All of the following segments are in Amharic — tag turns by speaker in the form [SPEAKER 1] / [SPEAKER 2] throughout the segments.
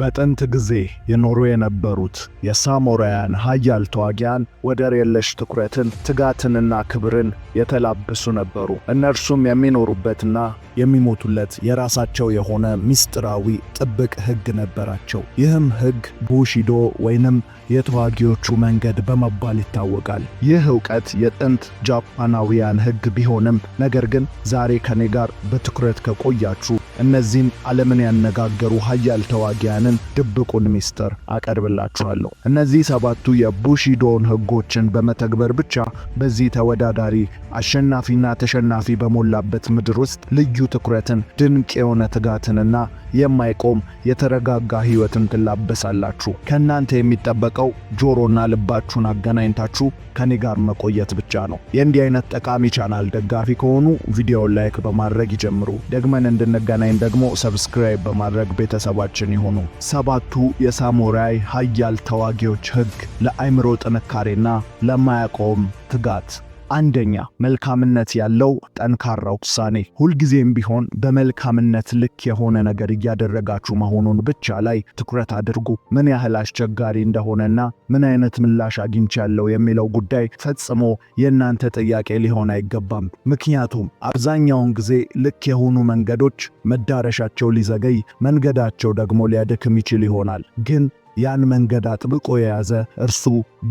[SPEAKER 1] በጥንት ጊዜ የኖሩ የነበሩት የሳሞራውያን ኃያል ተዋጊያን ወደር የለሽ ትኩረትን፣ ትጋትንና ክብርን የተላበሱ ነበሩ። እነርሱም የሚኖሩበትና የሚሞቱለት የራሳቸው የሆነ ምስጢራዊ ጥብቅ ሕግ ነበራቸው። ይህም ሕግ ቡሺዶ ወይንም የተዋጊዎቹ መንገድ በመባል ይታወቃል። ይህ እውቀት የጥንት ጃፓናውያን ሕግ ቢሆንም ነገር ግን ዛሬ ከኔ ጋር በትኩረት ከቆያችሁ እነዚህን ዓለምን ያነጋገሩ ኃያል ተዋጊያን ያንን ድብቁን ሚስጥር አቀርብላችኋለሁ። እነዚህ ሰባቱ የቡሺዶን ህጎችን በመተግበር ብቻ በዚህ ተወዳዳሪ አሸናፊና ተሸናፊ በሞላበት ምድር ውስጥ ልዩ ትኩረትን፣ ድንቅ የሆነ ትጋትንና የማይቆም የተረጋጋ ሕይወትን ትላበሳላችሁ። ከእናንተ የሚጠበቀው ጆሮና ልባችሁን አገናኝታችሁ ከኔ ጋር መቆየት ብቻ ነው። የእንዲህ አይነት ጠቃሚ ቻናል ደጋፊ ከሆኑ ቪዲዮውን ላይክ በማድረግ ይጀምሩ። ደግመን እንድንገናኝ ደግሞ ሰብስክራይብ በማድረግ ቤተሰባችን ይሆኑ። ሰባቱ የሳሙራይ ሀያል ተዋጊዎች ሕግ ለአይምሮ ጥንካሬና ለማያቆም ትጋት አንደኛ መልካምነት ያለው ጠንካራ ውሳኔ። ሁልጊዜም ቢሆን በመልካምነት ልክ የሆነ ነገር እያደረጋችሁ መሆኑን ብቻ ላይ ትኩረት አድርጉ። ምን ያህል አስቸጋሪ እንደሆነና ምን አይነት ምላሽ አግኝቻለሁ የሚለው ጉዳይ ፈጽሞ የእናንተ ጥያቄ ሊሆን አይገባም። ምክንያቱም አብዛኛውን ጊዜ ልክ የሆኑ መንገዶች መዳረሻቸው ሊዘገይ፣ መንገዳቸው ደግሞ ሊያደክም ይችል ይሆናል ግን ያን መንገድ አጥብቆ የያዘ እርሱ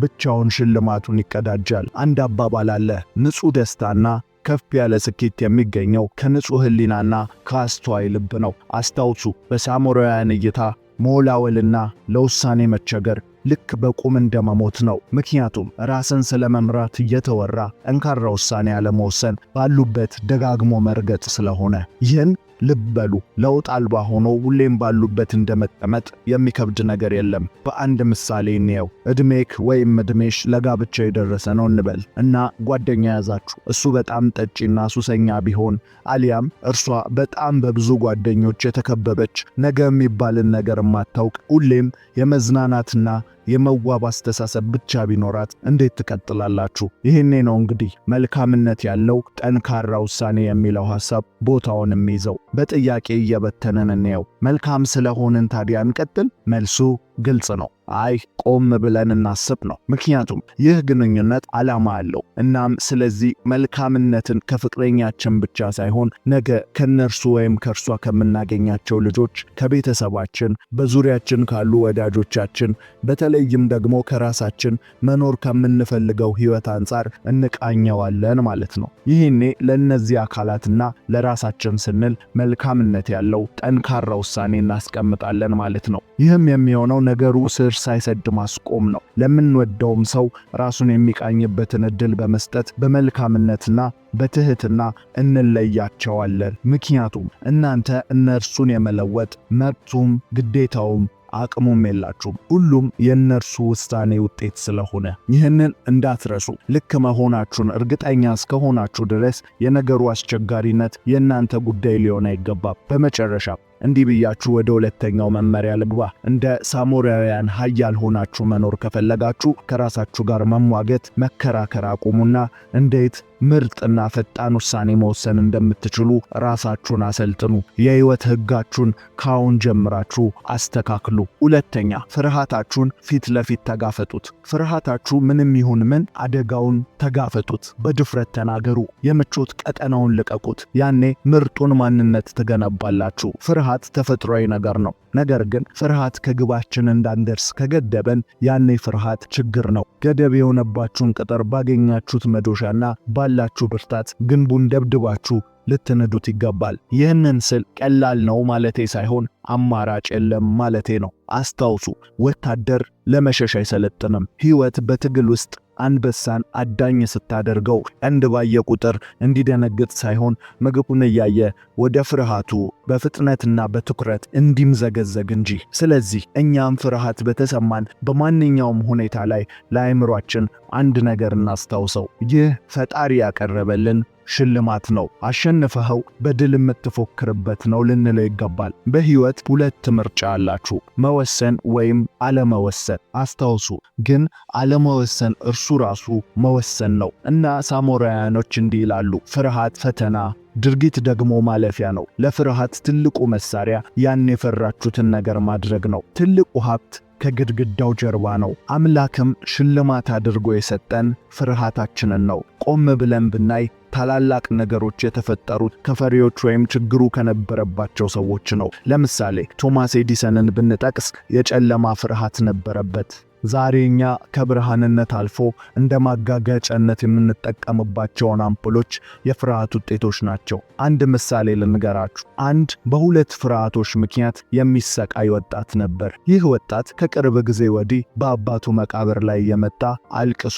[SPEAKER 1] ብቻውን ሽልማቱን ይቀዳጃል። አንድ አባባል አለ፣ ንጹህ ደስታና ከፍ ያለ ስኬት የሚገኘው ከንጹህ ህሊናና ከአስተዋይ ልብ ነው። አስታውሱ፣ በሳሞራውያን እይታ መወላወልና ለውሳኔ መቸገር ልክ በቁም እንደመሞት ነው። ምክንያቱም ራስን ስለ መምራት እየተወራ ጠንካራ ውሳኔ አለመወሰን ባሉበት ደጋግሞ መርገጥ ስለሆነ ይህን ልበሉ ለውጥ አልባ ሆኖ ሁሌም ባሉበት እንደመቀመጥ የሚከብድ ነገር የለም። በአንድ ምሳሌ እንየው። እድሜክ ወይም እድሜሽ ለጋብቻ የደረሰ ነው እንበል እና ጓደኛ ያዛችሁ። እሱ በጣም ጠጪና ሱሰኛ ቢሆን አሊያም እርሷ በጣም በብዙ ጓደኞች የተከበበች ነገ የሚባልን ነገር የማታውቅ ሁሌም የመዝናናትና የመዋብ አስተሳሰብ ብቻ ቢኖራት እንዴት ትቀጥላላችሁ? ይህኔ ነው እንግዲህ መልካምነት ያለው ጠንካራ ውሳኔ የሚለው ሐሳብ ቦታውን የሚይዘው። በጥያቄ እየበተነን እንየው። መልካም ስለሆንን ታዲያ እንቀጥል? መልሱ ግልጽ ነው። አይ ቆም ብለን እናስብ ነው። ምክንያቱም ይህ ግንኙነት ዓላማ አለው። እናም ስለዚህ መልካምነትን ከፍቅረኛችን ብቻ ሳይሆን ነገ ከነርሱ ወይም ከእርሷ ከምናገኛቸው ልጆች፣ ከቤተሰባችን፣ በዙሪያችን ካሉ ወዳጆቻችን፣ በተለይም ደግሞ ከራሳችን መኖር ከምንፈልገው ሕይወት አንጻር እንቃኘዋለን ማለት ነው። ይህኔ ለእነዚህ አካላትና ለራሳችን ስንል መልካምነት ያለው ጠንካራ ውሳኔ እናስቀምጣለን ማለት ነው። ይህም የሚሆነው ነገሩ ስር ሳይሰድ ማስቆም ነው። ለምንወደውም ሰው ራሱን የሚቃኝበትን እድል በመስጠት በመልካምነትና በትህትና እንለያቸዋለን። ምክንያቱም እናንተ እነርሱን የመለወጥ መብቱም ግዴታውም አቅሙም የላችሁም። ሁሉም የእነርሱ ውሳኔ ውጤት ስለሆነ ይህንን እንዳትረሱ። ልክ መሆናችሁን እርግጠኛ እስከሆናችሁ ድረስ የነገሩ አስቸጋሪነት የእናንተ ጉዳይ ሊሆን አይገባም። በመጨረሻ እንዲህ ብያችሁ ወደ ሁለተኛው መመሪያ ልግባ። እንደ ሳሞራውያን ኃያል ሆናችሁ መኖር ከፈለጋችሁ ከራሳችሁ ጋር መሟገት፣ መከራከር አቁሙና እንዴት ምርጥና ፈጣን ውሳኔ መወሰን እንደምትችሉ ራሳችሁን አሰልጥኑ። የህይወት ህጋችሁን ካሁን ጀምራችሁ አስተካክሉ። ሁለተኛ፣ ፍርሃታችሁን ፊት ለፊት ተጋፈጡት። ፍርሃታችሁ ምንም ይሁን ምን አደጋውን ተጋፈጡት። በድፍረት ተናገሩ። የምቾት ቀጠናውን ልቀቁት። ያኔ ምርጡን ማንነት ትገነባላችሁ። ፍርሃት ተፈጥሯዊ ነገር ነው። ነገር ግን ፍርሃት ከግባችን እንዳንደርስ ከገደበን ያኔ ፍርሃት ችግር ነው። ገደብ የሆነባችሁን ቅጥር ባገኛችሁት መዶሻና ባላችሁ ብርታት ግንቡን ደብድባችሁ ልትነዱት ይገባል። ይህንን ስል ቀላል ነው ማለቴ ሳይሆን አማራጭ የለም ማለቴ ነው። አስታውሱ፣ ወታደር ለመሸሽ አይሰለጥንም። ሕይወት በትግል ውስጥ አንበሳን አዳኝ ስታደርገው እንድ ባየ ቁጥር እንዲደነግጥ ሳይሆን ምግቡን እያየ ወደ ፍርሃቱ በፍጥነትና በትኩረት እንዲምዘገዘግ እንጂ። ስለዚህ እኛም ፍርሃት በተሰማን በማንኛውም ሁኔታ ላይ ለአእምሯችን አንድ ነገር እናስታውሰው፣ ይህ ፈጣሪ ያቀረበልን ሽልማት ነው። አሸንፈኸው በድል የምትፎክርበት ነው ልንለው ይገባል። በሕይወት ሁለት ምርጫ አላችሁ፣ መወሰን ወይም አለመወሰን። አስታውሱ ግን አለመወሰን እርሱ ራሱ መወሰን ነው እና ሳሞራውያኖች እንዲህ ይላሉ፣ ፍርሃት ፈተና ድርጊት ደግሞ ማለፊያ ነው። ለፍርሃት ትልቁ መሳሪያ ያን የፈራችሁትን ነገር ማድረግ ነው። ትልቁ ሀብት ከግድግዳው ጀርባ ነው። አምላክም ሽልማት አድርጎ የሰጠን ፍርሃታችንን ነው። ቆም ብለን ብናይ ታላላቅ ነገሮች የተፈጠሩት ከፈሪዎች ወይም ችግሩ ከነበረባቸው ሰዎች ነው። ለምሳሌ ቶማስ ኤዲሰንን ብንጠቅስ የጨለማ ፍርሃት ነበረበት። ዛሬ እኛ ከብርሃንነት አልፎ እንደ ማጋገጫነት የምንጠቀምባቸውን አምፖሎች የፍርሃት ውጤቶች ናቸው። አንድ ምሳሌ ልንገራችሁ። አንድ በሁለት ፍርሃቶች ምክንያት የሚሰቃይ ወጣት ነበር። ይህ ወጣት ከቅርብ ጊዜ ወዲህ በአባቱ መቃብር ላይ የመጣ አልቅሶ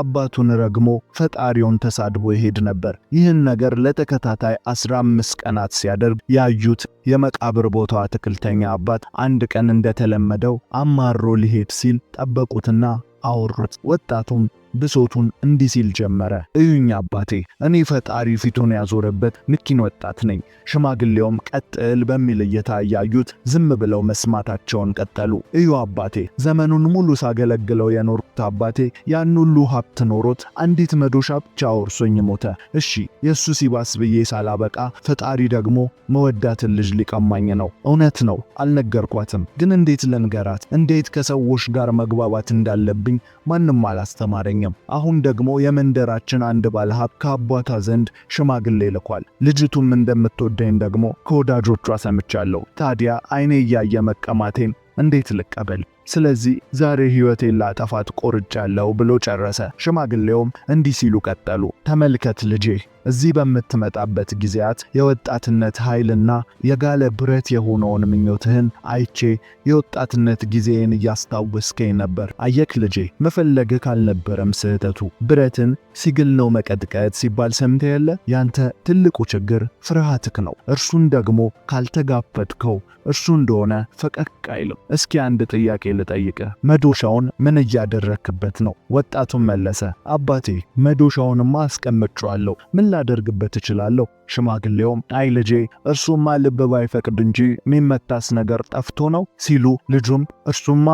[SPEAKER 1] አባቱን ረግሞ ፈጣሪውን ተሳድቦ ይሄድ ነበር። ይህን ነገር ለተከታታይ 15 ቀናት ሲያደርግ ያዩት የመቃብር ቦታው አትክልተኛ አባት አንድ ቀን እንደተለመደው አማሮ ሊሄድ ሲል ጠበቁትና አወሩት። ወጣቱም ብሶቱን እንዲህ ሲል ጀመረ። እዩኝ አባቴ፣ እኔ ፈጣሪ ፊቱን ያዞረበት ምስኪን ወጣት ነኝ። ሽማግሌውም ቀጥል በሚል እይታ እያዩት ዝም ብለው መስማታቸውን ቀጠሉ። እዩ አባቴ፣ ዘመኑን ሙሉ ሳገለግለው የኖርኩት አባቴ ያን ሁሉ ሀብት ኖሮት አንዲት መዶሻ ብቻ ወርሶኝ ሞተ። እሺ የእሱ ሲባስ ብዬ ሳላበቃ ፈጣሪ ደግሞ መወዳትን ልጅ ሊቀማኝ ነው። እውነት ነው፣ አልነገርኳትም። ግን እንዴት ልንገራት? እንዴት ከሰዎች ጋር መግባባት እንዳለብኝ ማንም አላስተማረኝ አላገኘም። አሁን ደግሞ የመንደራችን አንድ ባለሀብት ከአባቷ ዘንድ ሽማግሌ ልኳል። ልጅቱም እንደምትወደኝ ደግሞ ከወዳጆቿ ሰምቻለሁ። ታዲያ አይኔ እያየ መቀማቴን እንዴት ልቀበል? ስለዚህ ዛሬ ሕይወቴን ላጠፋት ቆርጫለሁ ብሎ ጨረሰ። ሽማግሌውም እንዲህ ሲሉ ቀጠሉ። ተመልከት ልጄ እዚህ በምትመጣበት ጊዜያት የወጣትነት ኃይልና የጋለ ብረት የሆነውን ምኞትህን አይቼ የወጣትነት ጊዜን እያስታወስከኝ ነበር። አየክ ልጄ መፈለግህ ካልነበረም ስህተቱ ብረትን ሲግል ነው መቀጥቀጥ ሲባል ሰምተ የለ። ያንተ ትልቁ ችግር ፍርሃትክ ነው። እርሱን ደግሞ ካልተጋፈጥከው እርሱ እንደሆነ ፈቀቅ አይልም። እስኪ አንድ ጥያቄ ልጠይቅ፣ መዶሻውን ምን እያደረክበት ነው? ወጣቱን መለሰ። አባቴ መዶሻውንማ አስቀምጫዋለሁ። ምን ላደርግበት እችላለሁ። ሽማግሌውም አይ ልጄ እርሱማ ልብ ባይፈቅድ እንጂ የሚመታስ ነገር ጠፍቶ ነው ሲሉ፣ ልጁም እርሱማ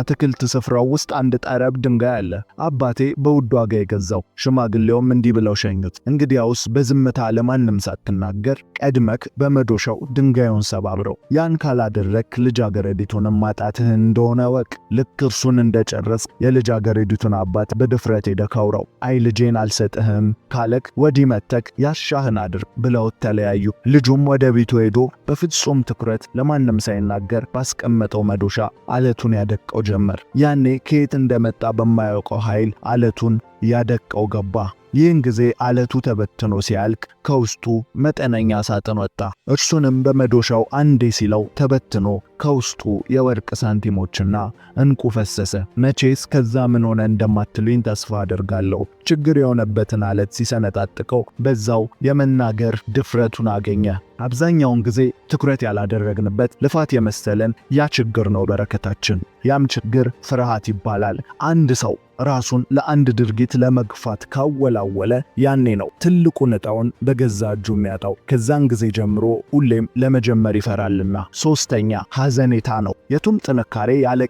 [SPEAKER 1] አትክልት ስፍራው ውስጥ አንድ ጠረብ ድንጋይ አለ አባቴ በውድ ዋጋ የገዛው። ሽማግሌውም እንዲህ ብለው ሸኙት፣ እንግዲያውስ በዝምታ ለማንም ሳትናገር ቀድመክ በመዶሻው ድንጋዩን ሰባብረው፣ ያን ካላደረክ ልጃገረዲቱንም ማጣትህን እንደሆነ ወቅ። ልክ እርሱን እንደጨረስ የልጃገረዲቱን አባት በድፍረት ሄደህ አውራው። አይ ልጄን አልሰጥህም ካለክ ወዲህ መተክ ያሻህን አድርግ ብለው ተለያዩ። ልጁም ወደ ቤቱ ሄዶ በፍጹም ትኩረት ለማንም ሳይናገር ባስቀመጠው መዶሻ አለቱን ያደቀው ጀመር። ያኔ ከየት እንደመጣ በማያውቀው ኃይል አለቱን ያደቀው ገባ። ይህን ጊዜ አለቱ ተበትኖ ሲያልቅ ከውስጡ መጠነኛ ሳጥን ወጣ። እርሱንም በመዶሻው አንዴ ሲለው ተበትኖ ከውስጡ የወርቅ ሳንቲሞችና እንቁ ፈሰሰ። መቼስ ከዛ ምን ሆነ እንደማትሉኝ ተስፋ አደርጋለሁ። ችግር የሆነበትን አለት ሲሰነጣጥቀው በዛው የመናገር ድፍረቱን አገኘ። አብዛኛውን ጊዜ ትኩረት ያላደረግንበት ልፋት የመሰለን ያ ችግር ነው በረከታችን። ያም ችግር ፍርሃት ይባላል። አንድ ሰው ራሱን ለአንድ ድርጊት ለመግፋት ካወላወለ ያኔ ነው ትልቁ ንጣውን በገዛ እጁ የሚያጣው። ከዛን ጊዜ ጀምሮ ሁሌም ለመጀመር ይፈራልና። ሶስተኛ ሐዘኔታ ነው። የቱም ጥንካሬ ያለ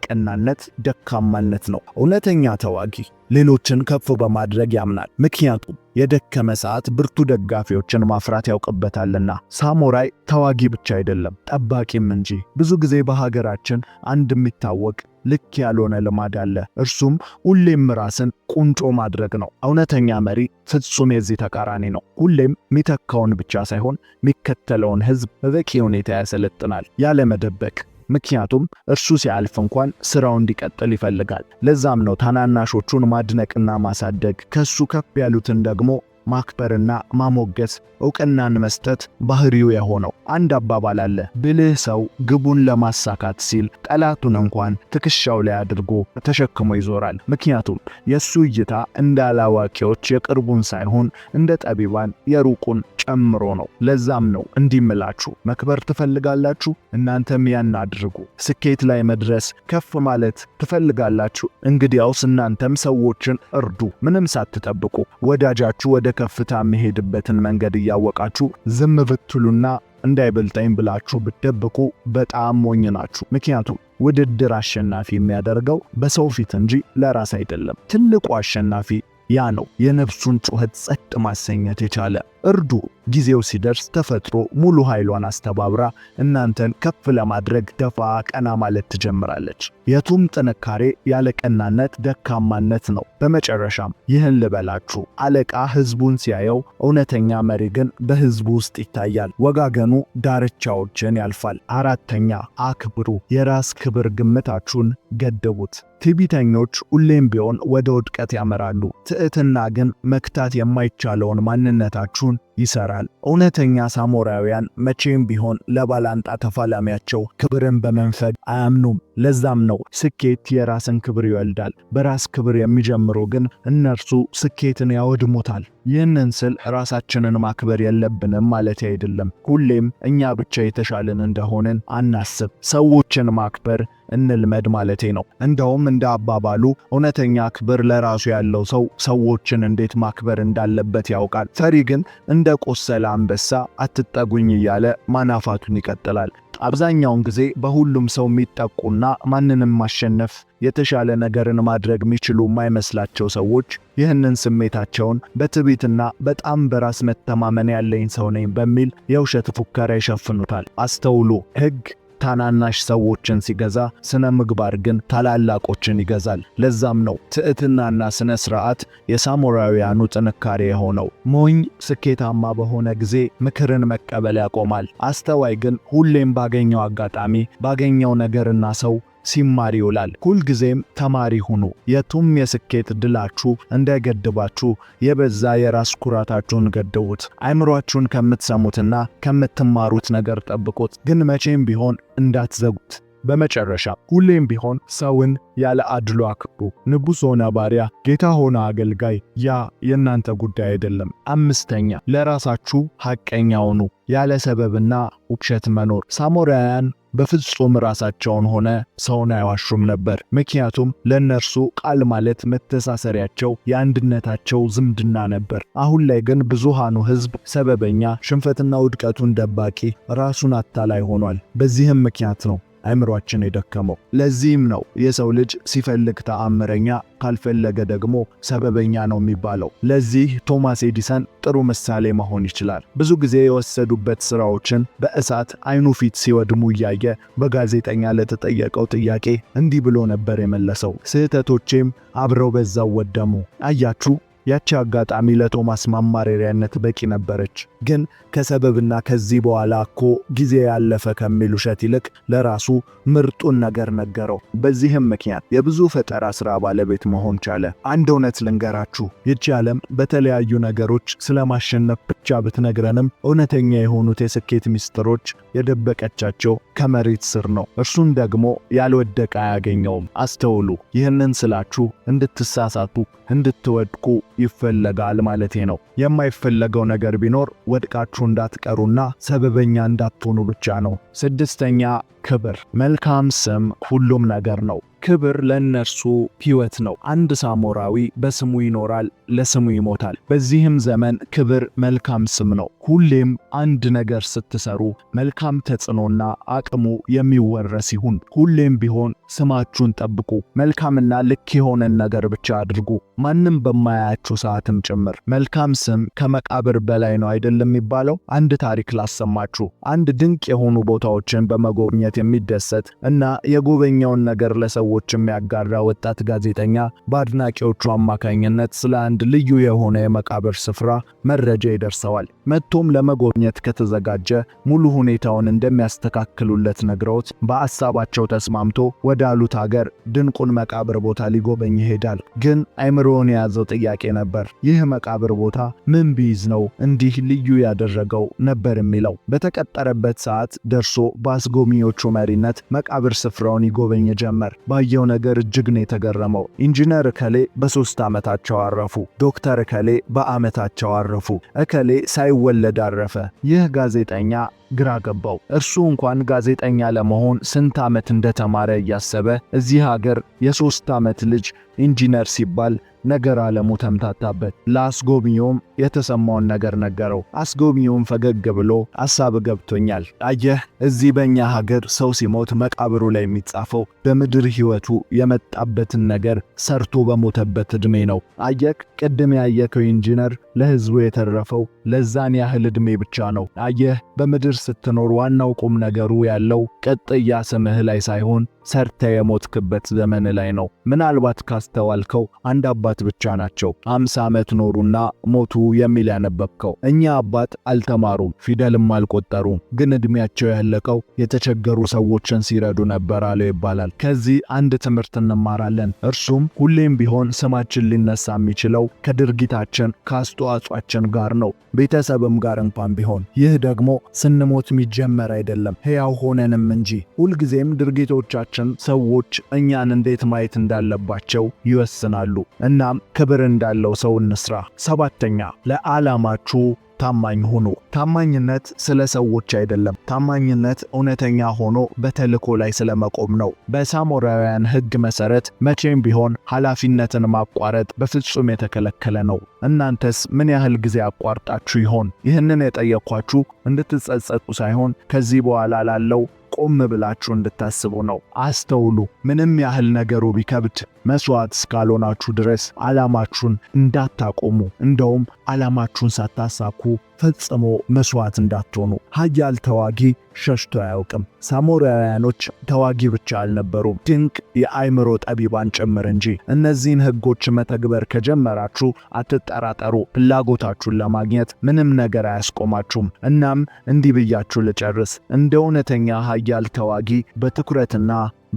[SPEAKER 1] ደካማነት ነው። እውነተኛ ተዋጊ ሌሎችን ከፍ በማድረግ ያምናል። ምክንያቱም የደከመ ሰዓት ብርቱ ደጋፊዎችን ማፍራት ያውቅበታልና። ሳሞራይ ተዋጊ ብቻ አይደለም ጠባቂም እንጂ። ብዙ ጊዜ በሀገራችን አንድ የሚታወቅ ልክ ያልሆነ ልማድ አለ። እርሱም ሁሌም ራስን ቁንጮ ማድረግ ነው። እውነተኛ መሪ ፍጹም የዚህ ተቃራኒ ነው። ሁሌም ሚተካውን ብቻ ሳይሆን ሚከተለውን ህዝብ በበቂ ሁኔታ ያሰለጥናል፣ ያለ መደበቅ ምክንያቱም እርሱ ሲያልፍ እንኳን ስራው እንዲቀጥል ይፈልጋል። ለዛም ነው ታናናሾቹን ማድነቅና ማሳደግ፣ ከሱ ከፍ ያሉትን ደግሞ ማክበርና ማሞገስ፣ እውቅናን መስጠት ባህሪው የሆነው። አንድ አባባል አለ፣ ብልህ ሰው ግቡን ለማሳካት ሲል ጠላቱን እንኳን ትከሻው ላይ አድርጎ ተሸክሞ ይዞራል። ምክንያቱም የሱ እይታ እንደ አላዋቂዎች የቅርቡን ሳይሆን እንደ ጠቢባን የሩቁን ጨምሮ ነው። ለዛም ነው እንዲምላችሁ መክበር ትፈልጋላችሁ? እናንተም ያን አድርጉ። ስኬት ላይ መድረስ ከፍ ማለት ትፈልጋላችሁ? እንግዲያውስ እናንተም ሰዎችን እርዱ፣ ምንም ሳትጠብቁ። ወዳጃችሁ ወደ ከፍታ የሚሄድበትን መንገድ እያወቃችሁ ዝም ብትሉና እንዳይበልጠኝ ብላችሁ ብትደብቁ በጣም ሞኝ ናችሁ። ምክንያቱም ውድድር አሸናፊ የሚያደርገው በሰው ፊት እንጂ ለራስ አይደለም። ትልቁ አሸናፊ ያ ነው፣ የነፍሱን ጩኸት ጸጥ ማሰኘት የቻለ እርዱ። ጊዜው ሲደርስ ተፈጥሮ ሙሉ ኃይሏን አስተባብራ እናንተን ከፍ ለማድረግ ደፋ ቀና ማለት ትጀምራለች። የቱም ጥንካሬ ያለቀናነት ደካማነት ነው። በመጨረሻም ይህን ልበላችሁ፣ አለቃ ሕዝቡን ሲያየው፣ እውነተኛ መሪ ግን በሕዝቡ ውስጥ ይታያል። ወጋገኑ ዳርቻዎችን ያልፋል። አራተኛ አክብሩ። የራስ ክብር ግምታችሁን ገድቡት። ትዕቢተኞች ሁሌም ቢሆን ወደ ውድቀት ያመራሉ። ትዕትና ግን መክታት የማይቻለውን ማንነታችሁን down ይሰራል። እውነተኛ ሳሞራውያን መቼም ቢሆን ለባላንጣ ተፋላሚያቸው ክብርን በመንፈግ አያምኑም። ለዛም ነው ስኬት የራስን ክብር ይወልዳል። በራስ ክብር የሚጀምሩ ግን እነርሱ ስኬትን ያወድሙታል። ይህንን ስል ራሳችንን ማክበር የለብንም ማለት አይደለም። ሁሌም እኛ ብቻ የተሻልን እንደሆንን አናስብ። ሰዎችን ማክበር እንልመድ ማለቴ ነው። እንደውም እንደ አባባሉ እውነተኛ ክብር ለራሱ ያለው ሰው ሰዎችን እንዴት ማክበር እንዳለበት ያውቃል። ፈሪ ግን እንደ ቆሰለ አንበሳ አትጠጉኝ እያለ ማናፋቱን ይቀጥላል። አብዛኛውን ጊዜ በሁሉም ሰው የሚጠቁና ማንንም ማሸነፍ የተሻለ ነገርን ማድረግ የሚችሉ የማይመስላቸው ሰዎች ይህንን ስሜታቸውን በትዕቢትና በጣም በራስ መተማመን ያለኝ ሰው ነኝ በሚል የውሸት ፉከራ ይሸፍኑታል። አስተውሉ። ሕግ ታናናሽ ሰዎችን ሲገዛ ስነ ምግባር ግን ታላላቆችን ይገዛል። ለዛም ነው ትዕትናና ስነ ስርዓት የሳሞራውያኑ ጥንካሬ የሆነው። ሞኝ ስኬታማ በሆነ ጊዜ ምክርን መቀበል ያቆማል። አስተዋይ ግን ሁሌም ባገኘው አጋጣሚ ባገኘው ነገርና ሰው ሲማር ይውላል። ሁልጊዜም ተማሪ ሁኑ። የቱም የስኬት ድላችሁ እንዳይገድባችሁ የበዛ የራስ ኩራታችሁን ገድቡት። አይምሯችሁን ከምትሰሙትና ከምትማሩት ነገር ጠብቁት፣ ግን መቼም ቢሆን እንዳትዘጉት። በመጨረሻ ሁሌም ቢሆን ሰውን ያለ አድሎ አክብሩ። ንጉሥ ሆነ ባሪያ፣ ጌታ ሆነ አገልጋይ፣ ያ የእናንተ ጉዳይ አይደለም። አምስተኛ ለራሳችሁ ሐቀኛ ሁኑ። ያለ ሰበብና ውሸት መኖር ሳሞራውያን በፍጹም ራሳቸውን ሆነ ሰውን አይዋሹም ነበር። ምክንያቱም ለእነርሱ ቃል ማለት መተሳሰሪያቸው፣ የአንድነታቸው ዝምድና ነበር። አሁን ላይ ግን ብዙሃኑ ሕዝብ ሰበበኛ፣ ሽንፈትና ውድቀቱን ደባቂ፣ ራሱን አታላይ ሆኗል። በዚህም ምክንያት ነው አእምሯችን የደከመው። ለዚህም ነው የሰው ልጅ ሲፈልግ ተአምረኛ ካልፈለገ ደግሞ ሰበበኛ ነው የሚባለው። ለዚህ ቶማስ ኤዲሰን ጥሩ ምሳሌ መሆን ይችላል። ብዙ ጊዜ የወሰዱበት ስራዎችን በእሳት አይኑ ፊት ሲወድሙ እያየ በጋዜጠኛ ለተጠየቀው ጥያቄ እንዲህ ብሎ ነበር የመለሰው፣ ስህተቶቼም አብረው በዛው ወደሙ። አያችሁ ያቺ አጋጣሚ ለቶማስ ማማረሪያነት በቂ ነበረች። ግን ከሰበብና ከዚህ በኋላ እኮ ጊዜ ያለፈ ከሚል ውሸት ይልቅ ለራሱ ምርጡን ነገር ነገረው። በዚህም ምክንያት የብዙ ፈጠራ ስራ ባለቤት መሆን ቻለ። አንድ እውነት ልንገራችሁ፣ ይቺ ዓለም በተለያዩ ነገሮች ስለማሸነፍ ብቻ ብትነግረንም እውነተኛ የሆኑት የስኬት ሚስጥሮች የደበቀቻቸው ከመሬት ስር ነው። እርሱን ደግሞ ያልወደቀ አያገኘውም። አስተውሉ። ይህንን ስላችሁ እንድትሳሳቱ፣ እንድትወድቁ ይፈለጋል ማለቴ ነው። የማይፈለገው ነገር ቢኖር ወድቃችሁ እንዳትቀሩና ሰበበኛ እንዳትሆኑ ብቻ ነው። ስድስተኛ ክብር። መልካም ስም ሁሉም ነገር ነው። ክብር ለእነርሱ ሕይወት ነው። አንድ ሳሞራዊ በስሙ ይኖራል፣ ለስሙ ይሞታል። በዚህም ዘመን ክብር መልካም ስም ነው። ሁሌም አንድ ነገር ስትሰሩ መልካም ተጽዕኖና አቅሙ የሚወረስ ይሁን። ሁሌም ቢሆን ስማችሁን ጠብቁ። መልካምና ልክ የሆነን ነገር ብቻ አድርጉ፣ ማንም በማያያችሁ ሰዓትም ጭምር። መልካም ስም ከመቃብር በላይ ነው አይደለም የሚባለው። አንድ ታሪክ ላሰማችሁ። አንድ ድንቅ የሆኑ ቦታዎችን በመጎብኘት የሚደሰት እና የጎበኘውን ነገር ለሰው ሰዎች የሚያጋራ ወጣት ጋዜጠኛ በአድናቂዎቹ አማካኝነት ስለ አንድ ልዩ የሆነ የመቃብር ስፍራ መረጃ ይደርሰዋል። መጥቶም ለመጎብኘት ከተዘጋጀ ሙሉ ሁኔታውን እንደሚያስተካክሉለት ነግረውት በአሳባቸው ተስማምቶ ወዳሉት ሀገር ድንቁን መቃብር ቦታ ሊጎበኝ ይሄዳል። ግን አይምሮውን የያዘው ጥያቄ ነበር። ይህ መቃብር ቦታ ምን ቢይዝ ነው እንዲህ ልዩ ያደረገው ነበር የሚለው። በተቀጠረበት ሰዓት ደርሶ በአስጎብኚዎቹ መሪነት መቃብር ስፍራውን ይጎበኝ ጀመር። ባየው ነገር እጅግ ነው የተገረመው። ኢንጂነር እከሌ በሶስት ዓመታቸው አረፉ። ዶክተር እከሌ በዓመታቸው አረፉ። እከሌ ሳይወለድ አረፈ። ይህ ጋዜጠኛ ግራ ገባው። እርሱ እንኳን ጋዜጠኛ ለመሆን ስንት ዓመት እንደተማረ እያሰበ እዚህ ሀገር የሦስት ዓመት ልጅ ኢንጂነር ሲባል ነገር ዓለሙ ተምታታበት። ለአስጎብኚውም የተሰማውን ነገር ነገረው። አስጎብኚውም ፈገግ ብሎ አሳብ ገብቶኛል፣ አየህ እዚህ በእኛ ሀገር ሰው ሲሞት መቃብሩ ላይ የሚጻፈው በምድር ሕይወቱ የመጣበትን ነገር ሰርቶ በሞተበት ዕድሜ ነው። አየክ ቅድም ያየከው ኢንጂነር ለሕዝቡ የተረፈው ለዛን ያህል ዕድሜ ብቻ ነው። አየህ በምድር ስትኖር ዋናው ቁም ነገሩ ያለው ቀጥያ ስምህ ላይ ሳይሆን ሰርተ የሞትክበት ዘመን ላይ ነው። ምናልባት ካስተዋልከው አንድ አባት ብቻ ናቸው አምሳ ዓመት ኖሩና ሞቱ የሚል ያነበብከው። እኛ አባት አልተማሩም፣ ፊደልም አልቆጠሩም፣ ግን ዕድሜያቸው ያለቀው የተቸገሩ ሰዎችን ሲረዱ ነበር አለው ይባላል። ከዚህ አንድ ትምህርት እንማራለን። እርሱም ሁሌም ቢሆን ስማችን ሊነሳ የሚችለው ከድርጊታችን ከአስተዋጽኦአችን ጋር ነው፣ ቤተሰብም ጋር እንኳን ቢሆን። ይህ ደግሞ ስንሞት የሚጀመር አይደለም፣ ሕያው ሆነንም እንጂ ሁልጊዜም ድርጊቶቻችን ባህሪያችን ሰዎች እኛን እንዴት ማየት እንዳለባቸው ይወስናሉ። እናም ክብር እንዳለው ሰው እንስራ። ሰባተኛ ለዓላማችሁ ታማኝ ሆኖ። ታማኝነት ስለ ሰዎች አይደለም። ታማኝነት እውነተኛ ሆኖ በተልዕኮ ላይ ስለመቆም ነው። በሳሞራውያን ሕግ መሰረት መቼም ቢሆን ኃላፊነትን ማቋረጥ በፍጹም የተከለከለ ነው። እናንተስ ምን ያህል ጊዜ አቋርጣችሁ ይሆን? ይህንን የጠየኳችሁ እንድትጸጸቁ ሳይሆን ከዚህ በኋላ ላለው ቆም ብላችሁ እንድታስቡ ነው። አስተውሉ። ምንም ያህል ነገሩ ቢከብድ መስዋዕት እስካልሆናችሁ ድረስ ዓላማችሁን እንዳታቆሙ፣ እንደውም ዓላማችሁን ሳታሳኩ ፈጽሞ መስዋዕት እንዳትሆኑ። ኃያል ተዋጊ ሸሽቶ አያውቅም። ሳሞራውያኖች ተዋጊ ብቻ አልነበሩም፣ ድንቅ የአእምሮ ጠቢባን ጭምር እንጂ። እነዚህን ህጎች መተግበር ከጀመራችሁ አትጠራጠሩ፣ ፍላጎታችሁን ለማግኘት ምንም ነገር አያስቆማችሁም። እናም እንዲህ ብያችሁ ልጨርስ። እንደ እውነተኛ ኃያል ተዋጊ በትኩረትና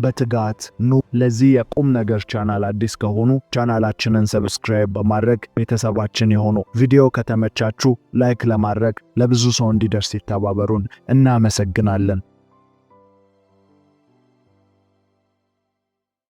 [SPEAKER 1] በትጋት ኑ። ለዚህ የቁም ነገር ቻናል አዲስ ከሆኑ ቻናላችንን ሰብስክራይብ በማድረግ ቤተሰባችን የሆኑ ቪዲዮ ከተመቻችሁ ላይክ ለማድረግ ለብዙ ሰው እንዲደርስ ይተባበሩን። እናመሰግናለን።